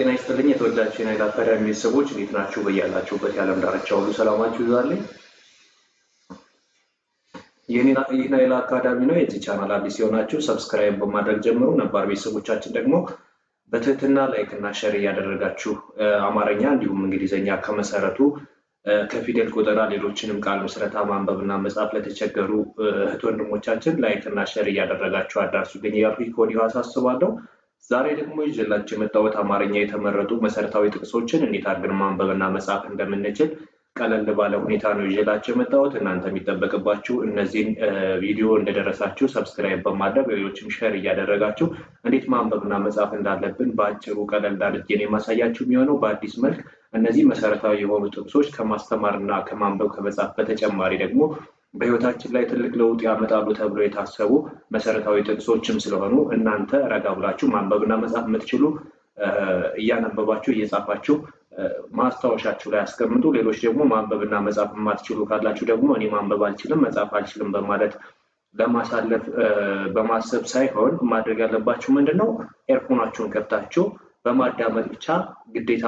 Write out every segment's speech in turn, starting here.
ጤና ይስጥልኝ የተወዳችሁ የናይል አካዳሚ ቤተሰቦች እንዴት ናችሁ? በያላችሁበት የዓለም ዳርቻ ሁሉ ሰላማችሁ ይዛለኝ። ይህ ናይል አካዳሚ ነው። የዚህ ቻናል አዲስ የሆናችሁ ሰብስክራይብ በማድረግ ጀምሩ። ነባር ቤተሰቦቻችን ደግሞ በትህትና ላይክ እና ሸር እያደረጋችሁ አማርኛ እንዲሁም እንግሊዝኛ ከመሰረቱ ከፊደል ቆጠራ ሌሎችንም ቃል ምስረታ ማንበብና መጻፍ ለተቸገሩ እህት ወንድሞቻችን ላይክ እና ሸር እያደረጋችሁ አዳርሱልኝ እያልኩ ከወዲሁ አሳስባለሁ። ዛሬ ደግሞ ይዤላችሁ የመጣሁት አማርኛ የተመረጡ መሰረታዊ ጥቅሶችን እንዴት አድርገን ማንበብና መጻፍ እንደምንችል ቀለል ባለ ሁኔታ ነው ይዤላችሁ የመጣሁት። እናንተ የሚጠበቅባችሁ እነዚህን ቪዲዮ እንደደረሳችሁ ሰብስክራይብ በማድረግ ሌሎችም ሼር እያደረጋችሁ እንዴት ማንበብና መጻፍ እንዳለብን በአጭሩ ቀለል አድርጌ የማሳያችሁ የሚሆነው። በአዲስ መልክ እነዚህ መሰረታዊ የሆኑ ጥቅሶች ከማስተማርና ከማንበብ ከመጻፍ በተጨማሪ ደግሞ በህይወታችን ላይ ትልቅ ለውጥ ያመጣሉ ተብሎ የታሰቡ መሰረታዊ ጥቅሶችም ስለሆኑ እናንተ ረጋ ብላችሁ ማንበብና መጻፍ የምትችሉ እያነበባችሁ እየጻፋችሁ ማስታወሻችሁ ላይ አስቀምጡ። ሌሎች ደግሞ ማንበብና መጻፍ የማትችሉ ካላችሁ ደግሞ እኔ ማንበብ አልችልም፣ መጻፍ አልችልም በማለት ለማሳለፍ በማሰብ ሳይሆን ማድረግ ያለባችሁ ምንድን ነው? ኤርፎናችሁን ከፍታችሁ በማዳመጥ ብቻ ግዴታ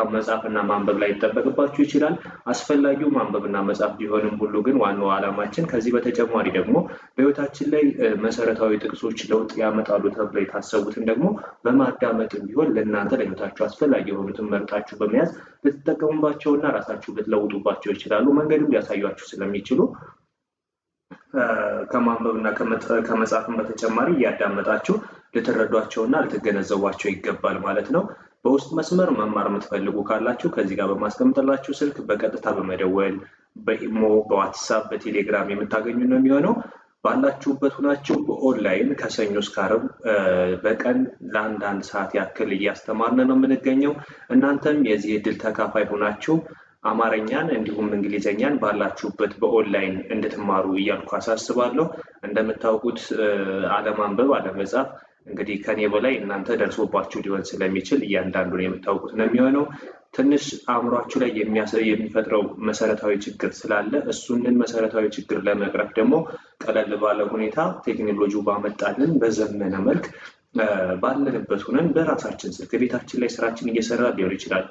እና ማንበብ ላይ ይጠበቅባችሁ ይችላል። አስፈላጊው ማንበብና መጻፍ ቢሆንም ሁሉ ግን ዋናው ዓላማችን ከዚህ በተጨማሪ ደግሞ በህይወታችን ላይ መሰረታዊ ጥቅሶች ለውጥ ያመጣሉ ተብለው የታሰቡትን ደግሞ በማዳመጥም ቢሆን ለእናንተ ለህይወታችሁ አስፈላጊ የሆኑትን መርጣችሁ በመያዝ ልትጠቀሙባቸውና ራሳችሁ ልትለውጡባቸው ይችላሉ። መንገድም ሊያሳያችሁ ስለሚችሉ ከማንበብ እና ከመጻፍም በተጨማሪ እያዳመጣችሁ ልትረዷቸው እና ልትገነዘቧቸው ይገባል ማለት ነው። በውስጥ መስመር መማር የምትፈልጉ ካላችሁ ከዚህ ጋር በማስቀምጥላችሁ ስልክ በቀጥታ በመደወል በኢሞ፣ በዋትሳፕ፣ በቴሌግራም የምታገኙ ነው የሚሆነው። ባላችሁበት ሁናችሁ በኦንላይን ከሰኞ እስከ ዓርብ በቀን ለአንዳንድ ሰዓት ያክል እያስተማርን ነው የምንገኘው። እናንተም የዚህ እድል ተካፋይ ሁናችሁ አማርኛን እንዲሁም እንግሊዘኛን ባላችሁበት በኦንላይን እንድትማሩ እያልኩ አሳስባለሁ። እንደምታውቁት አለማንበብ አለመጻፍ እንግዲህ ከኔ በላይ እናንተ ደርሶባችሁ ሊሆን ስለሚችል እያንዳንዱን የምታውቁት ነው የሚሆነው። ትንሽ አእምሯችሁ ላይ የሚፈጥረው መሰረታዊ ችግር ስላለ እሱንን መሰረታዊ ችግር ለመቅረፍ ደግሞ ቀለል ባለ ሁኔታ ቴክኖሎጂው ባመጣልን በዘመነ መልክ ባለንበት ሆነን በራሳችን ስልክ ቤታችን ላይ ስራችን እየሰራ ሊሆን ይችላል።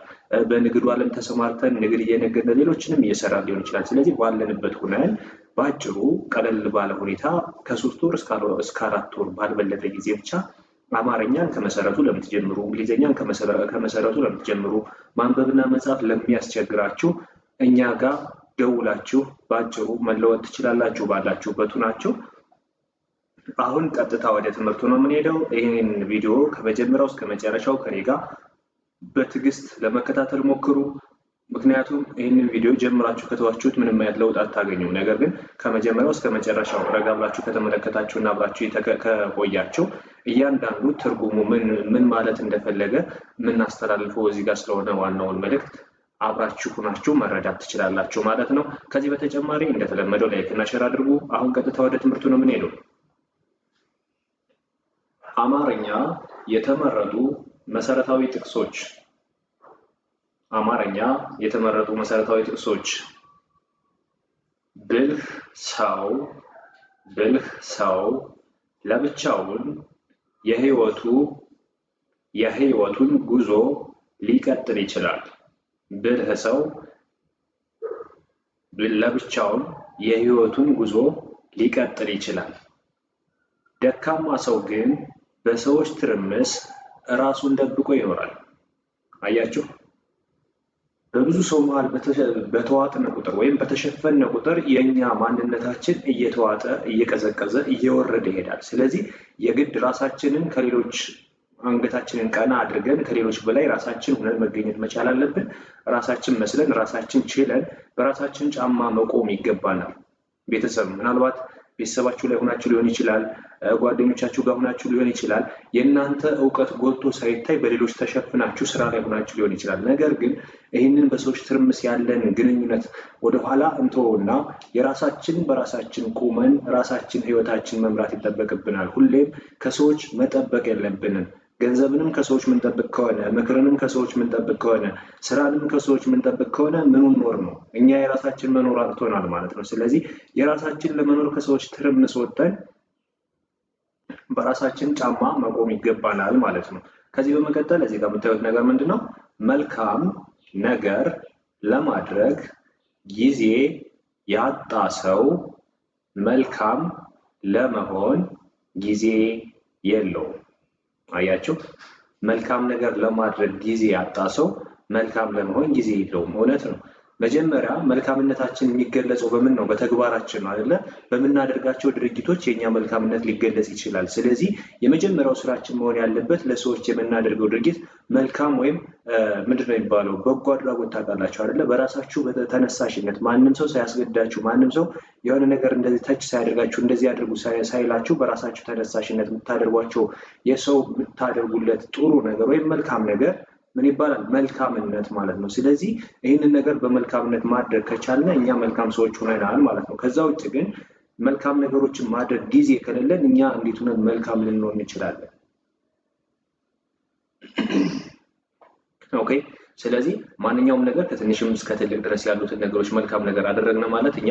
በንግዱ ዓለም ተሰማርተን ንግድ እየነገድን ሌሎችንም እየሰራ ሊሆን ይችላል። ስለዚህ ባለንበት ሆነን በአጭሩ ቀለል ባለ ሁኔታ ከሶስት ወር እስከ አራት ወር ባልበለጠ ጊዜ ብቻ አማርኛን ከመሰረቱ ለምትጀምሩ፣ እንግሊዝኛን ከመሰረቱ ለምትጀምሩ፣ ማንበብና መጻፍ ለሚያስቸግራችሁ እኛ ጋር ደውላችሁ በአጭሩ መለወጥ ትችላላችሁ። ባላችሁበት ናቸው። አሁን ቀጥታ ወደ ትምህርቱ ነው የምንሄደው። ይህን ቪዲዮ ከመጀመሪያው እስከ መጨረሻው ከኔ ጋር በትዕግስት ለመከታተል ሞክሩ። ምክንያቱም ይህንን ቪዲዮ ጀምራችሁ ከተዋችሁት ምንም አይነት ለውጥ አታገኙም። ነገር ግን ከመጀመሪያው እስከ መጨረሻው ረጋ ብላችሁ ከተመለከታችሁ እና አብራችሁ ከቆያችሁ እያንዳንዱ ትርጉሙ ምን ማለት እንደፈለገ የምናስተላልፈው እዚህ ጋር ስለሆነ ዋናውን መልእክት አብራችሁ ሁናችሁ መረዳት ትችላላችሁ ማለት ነው። ከዚህ በተጨማሪ እንደተለመደው ላይክ እና ሼር አድርጉ። አሁን ቀጥታ ወደ ትምህርቱ ነው የምንሄደው። አማርኛ የተመረጡ መሰረታዊ ጥቅሶች አማርኛ የተመረጡ መሰረታዊ ጥቅሶች ብልህ ሰው ብልህ ሰው ለብቻውን የህይወቱ የህይወቱን ጉዞ ሊቀጥል ይችላል። ብልህ ሰው ለብቻውን የህይወቱን ጉዞ ሊቀጥል ይችላል። ደካማ ሰው ግን በሰዎች ትርምስ ራሱን ደብቆ ይኖራል። አያችሁ፣ በብዙ ሰው መሃል በተዋጥነ ቁጥር ወይም በተሸፈነ ቁጥር የእኛ ማንነታችን እየተዋጠ እየቀዘቀዘ እየወረደ ይሄዳል። ስለዚህ የግድ ራሳችንን ከሌሎች አንገታችንን ቀና አድርገን ከሌሎች በላይ ራሳችን ሆነን መገኘት መቻል አለብን። ራሳችን መስለን ራሳችን ችለን በራሳችን ጫማ መቆም ይገባናል። ቤተሰብ ምናልባት ቤተሰባችሁ ላይ ሆናችሁ ሊሆን ይችላል፣ ጓደኞቻችሁ ጋር ሆናችሁ ሊሆን ይችላል። የእናንተ እውቀት ጎልቶ ሳይታይ በሌሎች ተሸፍናችሁ ስራ ላይ ሆናችሁ ሊሆን ይችላል። ነገር ግን ይህንን በሰዎች ትርምስ ያለን ግንኙነት ወደኋላ እንተውና የራሳችን በራሳችን ቁመን ራሳችን ህይወታችን መምራት ይጠበቅብናል። ሁሌም ከሰዎች መጠበቅ የለብንም። ገንዘብንም ከሰዎች ምንጠብቅ ከሆነ ምክርንም ከሰዎች ምንጠብቅ ከሆነ ስራንም ከሰዎች ምንጠብቅ ከሆነ ምኑን ኖር ነው? እኛ የራሳችን መኖር አጥቶናል ማለት ነው። ስለዚህ የራሳችን ለመኖር ከሰዎች ትርምስ ወጥተን በራሳችን ጫማ መቆም ይገባናል ማለት ነው። ከዚህ በመቀጠል እዚህ ጋር የምታዩት ነገር ምንድን ነው? መልካም ነገር ለማድረግ ጊዜ ያጣ ሰው መልካም ለመሆን ጊዜ የለውም። አያችሁ፣ መልካም ነገር ለማድረግ ጊዜ ያጣ ሰው መልካም ለመሆን ጊዜ የለውም። እውነት ነው። መጀመሪያ መልካምነታችን የሚገለጸው በምን ነው? በተግባራችን ነው አይደለ? በምናደርጋቸው ድርጊቶች የእኛ መልካምነት ሊገለጽ ይችላል። ስለዚህ የመጀመሪያው ስራችን መሆን ያለበት ለሰዎች የምናደርገው ድርጊት መልካም ወይም ምንድን ነው የሚባለው በጎ አድራጎት ታውቃላችሁ አይደለ? በራሳችሁ ተነሳሽነት ማንም ሰው ሳያስገድዳችሁ፣ ማንም ሰው የሆነ ነገር እንደዚህ ተች ሳያደርጋችሁ፣ እንደዚህ ያደርጉ ሳይላችሁ፣ በራሳችሁ ተነሳሽነት የምታደርጓቸው የሰው የምታደርጉለት ጥሩ ነገር ወይም መልካም ነገር ምን ይባላል? መልካምነት ማለት ነው። ስለዚህ ይህንን ነገር በመልካምነት ማድረግ ከቻልን እኛ መልካም ሰዎች ሆነናል ማለት ነው። ከዛ ውጭ ግን መልካም ነገሮችን ማድረግ ጊዜ ከሌለን እኛ እንዴት ሆነን መልካም ልንሆን እንችላለን? ኦኬ ስለዚህ ማንኛውም ነገር ከትንሽም እስከ ትልቅ ድረስ ያሉትን ነገሮች መልካም ነገር አደረግን ማለት እኛ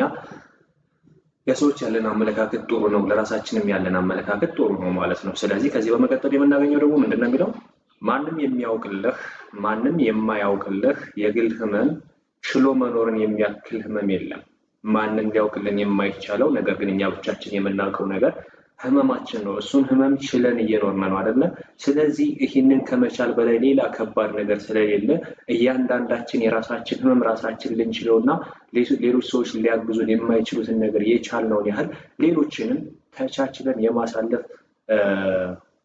ለሰዎች ያለን አመለካከት ጥሩ ነው፣ ለራሳችንም ያለን አመለካከት ጥሩ ነው ማለት ነው። ስለዚህ ከዚህ በመቀጠል የምናገኘው ደግሞ ምንድን ነው የሚለው ማንም የሚያውቅልህ ማንም የማያውቅልህ የግል ህመም ችሎ መኖርን የሚያክል ህመም የለም። ማንም ሊያውቅልን የማይቻለው ነገር ግን እኛ ብቻችን የምናውቀው ነገር ህመማችን ነው። እሱን ህመም ችለን እየኖርን ነው አይደለ? ስለዚህ ይህንን ከመቻል በላይ ሌላ ከባድ ነገር ስለሌለ እያንዳንዳችን የራሳችን ህመም ራሳችን ልንችለውና ሌሎች ሰዎች ሊያግዙን የማይችሉትን ነገር የቻልነውን ያህል ሌሎችንም ተቻችለን የማሳለፍ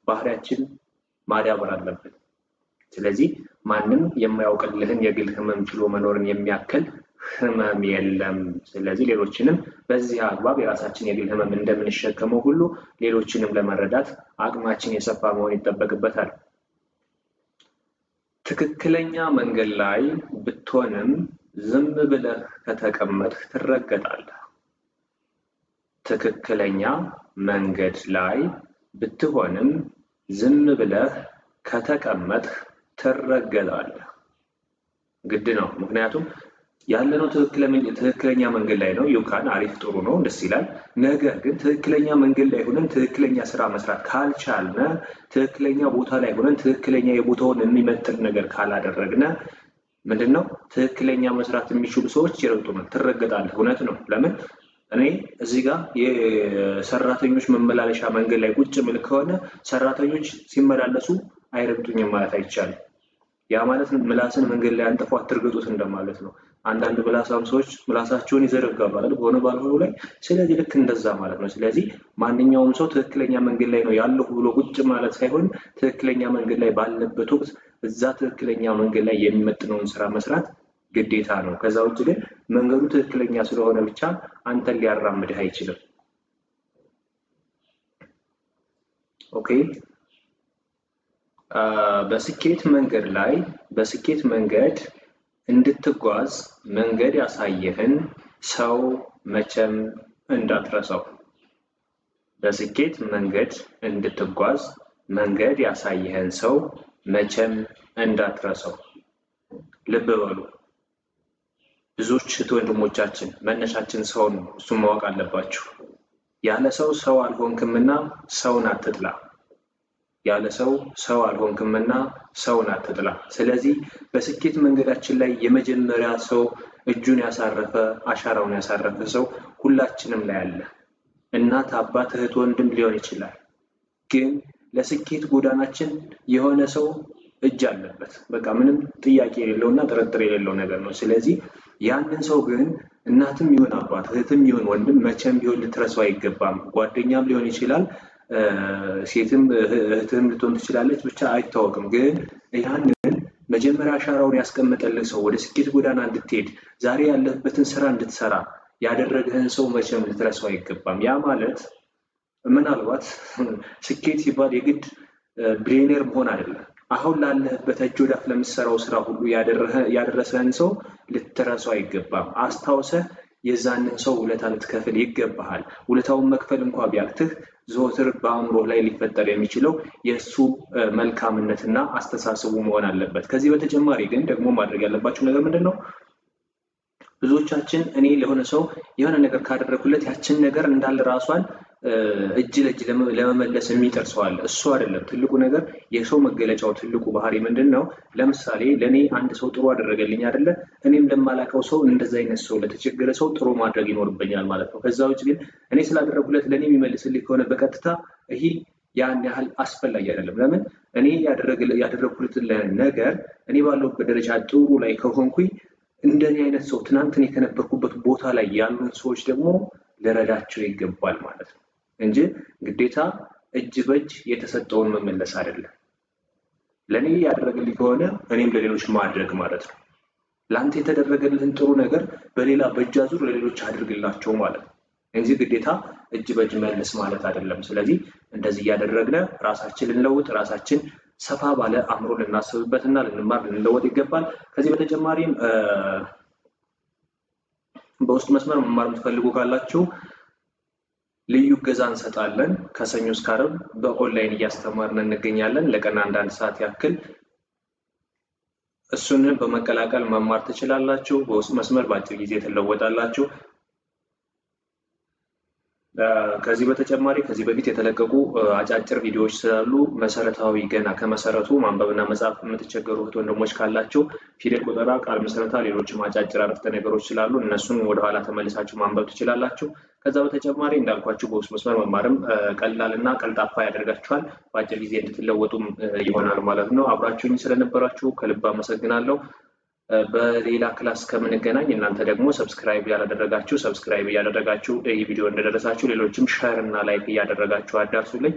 ባህሪያችን ማዳበር አለብን። ስለዚህ ማንም የማያውቅልህን የግል ህመም ችሎ መኖርን የሚያክል ህመም የለም። ስለዚህ ሌሎችንም በዚህ አግባብ የራሳችን የግል ህመም እንደምንሸከመው ሁሉ ሌሎችንም ለመረዳት አቅማችን የሰፋ መሆን ይጠበቅበታል። ትክክለኛ መንገድ ላይ ብትሆንም ዝም ብለህ ከተቀመጥህ ትረገጣለህ። ትክክለኛ መንገድ ላይ ብትሆንም ዝም ብለህ ከተቀመጥህ ትረገጣለህ። ግድ ነው። ምክንያቱም ያለነው ትክክለኛ መንገድ ላይ ነው። ዩካን አሪፍ፣ ጥሩ ነው፣ ደስ ይላል። ነገር ግን ትክክለኛ መንገድ ላይ ሆነን ትክክለኛ ስራ መስራት ካልቻልነ፣ ትክክለኛ ቦታ ላይ ሆነን ትክክለኛ የቦታውን የሚመጥን ነገር ካላደረግነ ምንድን ነው ትክክለኛ መስራት የሚችሉ ሰዎች ይረግጡናል። ትረገጣለህ። እውነት ነው። ለምን እኔ እዚህ ጋር የሰራተኞች መመላለሻ መንገድ ላይ ቁጭ ምል ከሆነ ሰራተኞች ሲመላለሱ አይረግጡኝም ማለት አይቻልም። ያ ማለት ምላስን መንገድ ላይ አንጥፎ አትርገጡት እንደማለት ነው። አንዳንድ ምላሳም ሰዎች ምላሳቸውን ይዘረጋሉ በሆነ ባልሆኑ ላይ። ስለዚህ ልክ እንደዛ ማለት ነው። ስለዚህ ማንኛውም ሰው ትክክለኛ መንገድ ላይ ነው ያለሁ ብሎ ቁጭ ማለት ሳይሆን ትክክለኛ መንገድ ላይ ባለበት ወቅት እዛ ትክክለኛ መንገድ ላይ የሚመጥነውን ስራ መስራት ግዴታ ነው። ከዛ ውጭ ግን መንገዱ ትክክለኛ ስለሆነ ብቻ አንተን ሊያራምድህ አይችልም። ኦኬ በስኬት መንገድ ላይ በስኬት መንገድ እንድትጓዝ መንገድ ያሳየህን ሰው መቼም እንዳትረሳው። በስኬት መንገድ እንድትጓዝ መንገድ ያሳየህን ሰው መቼም እንዳትረሳው። ልብ በሉ ብዙዎች እህት ወንድሞቻችን መነሻችን ሰው ነው። እሱም ማወቅ አለባችሁ። ያለ ሰው ሰው አልሆንክምና ሰውን አትጥላ። ያለ ሰው ሰው አልሆንክምና ሰውን አትጥላ። ስለዚህ በስኬት መንገዳችን ላይ የመጀመሪያ ሰው እጁን ያሳረፈ አሻራውን ያሳረፈ ሰው ሁላችንም ላይ አለ። እናት፣ አባት፣ እህት፣ ወንድም ሊሆን ይችላል። ግን ለስኬት ጎዳናችን የሆነ ሰው እጅ አለበት። በቃ ምንም ጥያቄ እና ጥርጥር የሌለው ነገር ነው። ስለዚህ ያንን ሰው ግን እናትም ይሁን አባት፣ እህትም ይሁን ወንድም መቼም ቢሆን ልትረሳው አይገባም። ጓደኛም ሊሆን ይችላል፣ ሴትም እህትም ልትሆን ትችላለች። ብቻ አይታወቅም። ግን ያንን መጀመሪያ አሻራውን ያስቀመጠልህ ሰው ወደ ስኬት ጎዳና እንድትሄድ ዛሬ ያለበትን ስራ እንድትሰራ ያደረገህን ሰው መቼም ልትረሳው አይገባም። ያ ማለት ምናልባት ስኬት ሲባል የግድ ብሌኔር መሆን አይደለም። አሁን ላለህበት እጅ ወዳፍ ለምትሰራው ስራ ሁሉ ያደረሰህን ሰው ልትረሳው አይገባም። አስታውሰህ የዛንን ሰው ውለታ ልትከፍል ይገባሃል። ውለታውን መክፈል እንኳ ቢያቅትህ ዘወትር በአእምሮ ላይ ሊፈጠር የሚችለው የእሱ መልካምነትና አስተሳሰቡ መሆን አለበት። ከዚህ በተጨማሪ ግን ደግሞ ማድረግ ያለባቸው ነገር ምንድን ነው? ብዙዎቻችን እኔ ለሆነ ሰው የሆነ ነገር ካደረግኩለት ያችን ነገር እንዳለ ራሷን እጅ ለእጅ ለመመለስ የሚጠር ሰው አለ። እሱ አይደለም ትልቁ ነገር። የሰው መገለጫው ትልቁ ባህሪ ምንድን ነው? ለምሳሌ ለእኔ አንድ ሰው ጥሩ አደረገልኝ አይደለ? እኔም ለማላቀው ሰው እንደዚ አይነት ሰው ለተቸገረ ሰው ጥሩ ማድረግ ይኖርብኛል ማለት ነው። ከዛ ውጭ ግን እኔ ስላደረጉለት ለእኔ የሚመልስልኝ ከሆነ በቀጥታ ይሄ ያን ያህል አስፈላጊ አይደለም። ለምን እኔ ያደረግኩትን ነገር እኔ ባለሁበት ደረጃ ጥሩ ላይ ከሆንኩኝ እንደኔ አይነት ሰው ትናንት እኔ ከነበርኩበት ቦታ ላይ ያሉን ሰዎች ደግሞ ልረዳቸው ይገባል ማለት ነው። እንጂ ግዴታ እጅ በእጅ የተሰጠውን መመለስ አይደለም። ለእኔ ያደረግልኝ ከሆነ እኔም ለሌሎች ማድረግ ማለት ነው። ለአንተ የተደረገልህን ጥሩ ነገር በሌላ በእጅ አዙር ለሌሎች አድርግላቸው ማለት ነው እንጂ ግዴታ እጅ በእጅ መልስ ማለት አይደለም። ስለዚህ እንደዚህ እያደረግነ ራሳችን ልንለውጥ ራሳችን ሰፋ ባለ አእምሮ ልናስብበትና ልንማር ልንለወጥ ይገባል። ከዚህ በተጨማሪም በውስጥ መስመር መማር የምትፈልጉ ካላችሁ ልዩ እገዛ እንሰጣለን። ከሰኞ እስከ ዓርብ በኦንላይን እያስተማርን እንገኛለን። ለቀን አንዳንድ ሰዓት ያክል እሱን በመቀላቀል መማር ትችላላችሁ። በውስጥ መስመር በአጭር ጊዜ ትለወጣላችሁ። ከዚህ በተጨማሪ ከዚህ በፊት የተለቀቁ አጫጭር ቪዲዮዎች ስላሉ መሰረታዊ ገና ከመሰረቱ ማንበብና መጻፍ የምትቸገሩ እህት ወንድሞች ካላቸው ፊደል ቁጠራ፣ ቃል ምስረታ፣ ሌሎችም አጫጭር አረፍተ ነገሮች ስላሉ እነሱን ወደኋላ ተመልሳችሁ ማንበብ ትችላላችሁ። ከዛ በተጨማሪ እንዳልኳቸው በውስጥ መስመር መማርም ቀላል እና ቀልጣፋ ያደርጋችኋል። በአጭር ጊዜ እንድትለወጡም ይሆናል ማለት ነው። አብራችሁኝ ስለነበራችሁ ከልብ አመሰግናለሁ። በሌላ ክላስ ከምንገናኝ እናንተ ደግሞ ሰብስክራይብ ያላደረጋችሁ ሰብስክራይብ እያደረጋችሁ ይህ ቪዲዮ እንደደረሳችሁ ሌሎችም ሸር እና ላይክ እያደረጋችሁ አዳርሱልኝ።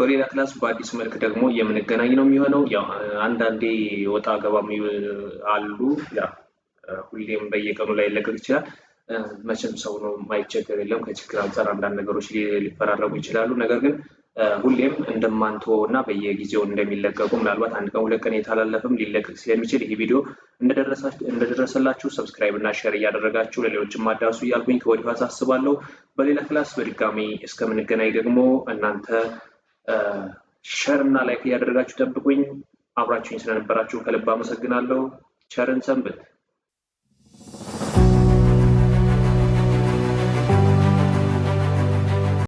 በሌላ ክላስ በአዲስ መልክ ደግሞ የምንገናኝ ነው የሚሆነው። አንዳንዴ ወጣ ገባም አሉ። ሁሌም በየቀኑ ላይ ለቀቅ ይችላል። መቼም ሰው ነው ማይቸገር የለም። ከችግር አንጻር አንዳንድ ነገሮች ሊፈራረቁ ይችላሉ። ነገር ግን ሁሌም እንደማንተወ እና በየጊዜው እንደሚለቀቁ ምናልባት አንድ ቀን ሁለት ቀን የታላለፈም ሊለቀቅ ስለሚችል ይህ ቪዲዮ እንደደረሰላችሁ ሰብስክራይብ እና ሼር እያደረጋችሁ ለሌሎችም አዳርሱ እያልኩኝ ከወዲሁ አሳስባለሁ። በሌላ ክላስ በድጋሚ እስከምንገናኝ ደግሞ እናንተ ሸር እና ላይክ እያደረጋችሁ ጠብቁኝ። አብራችሁኝ ስለነበራችሁ ከልብ አመሰግናለሁ። ቸርን ሰንብት።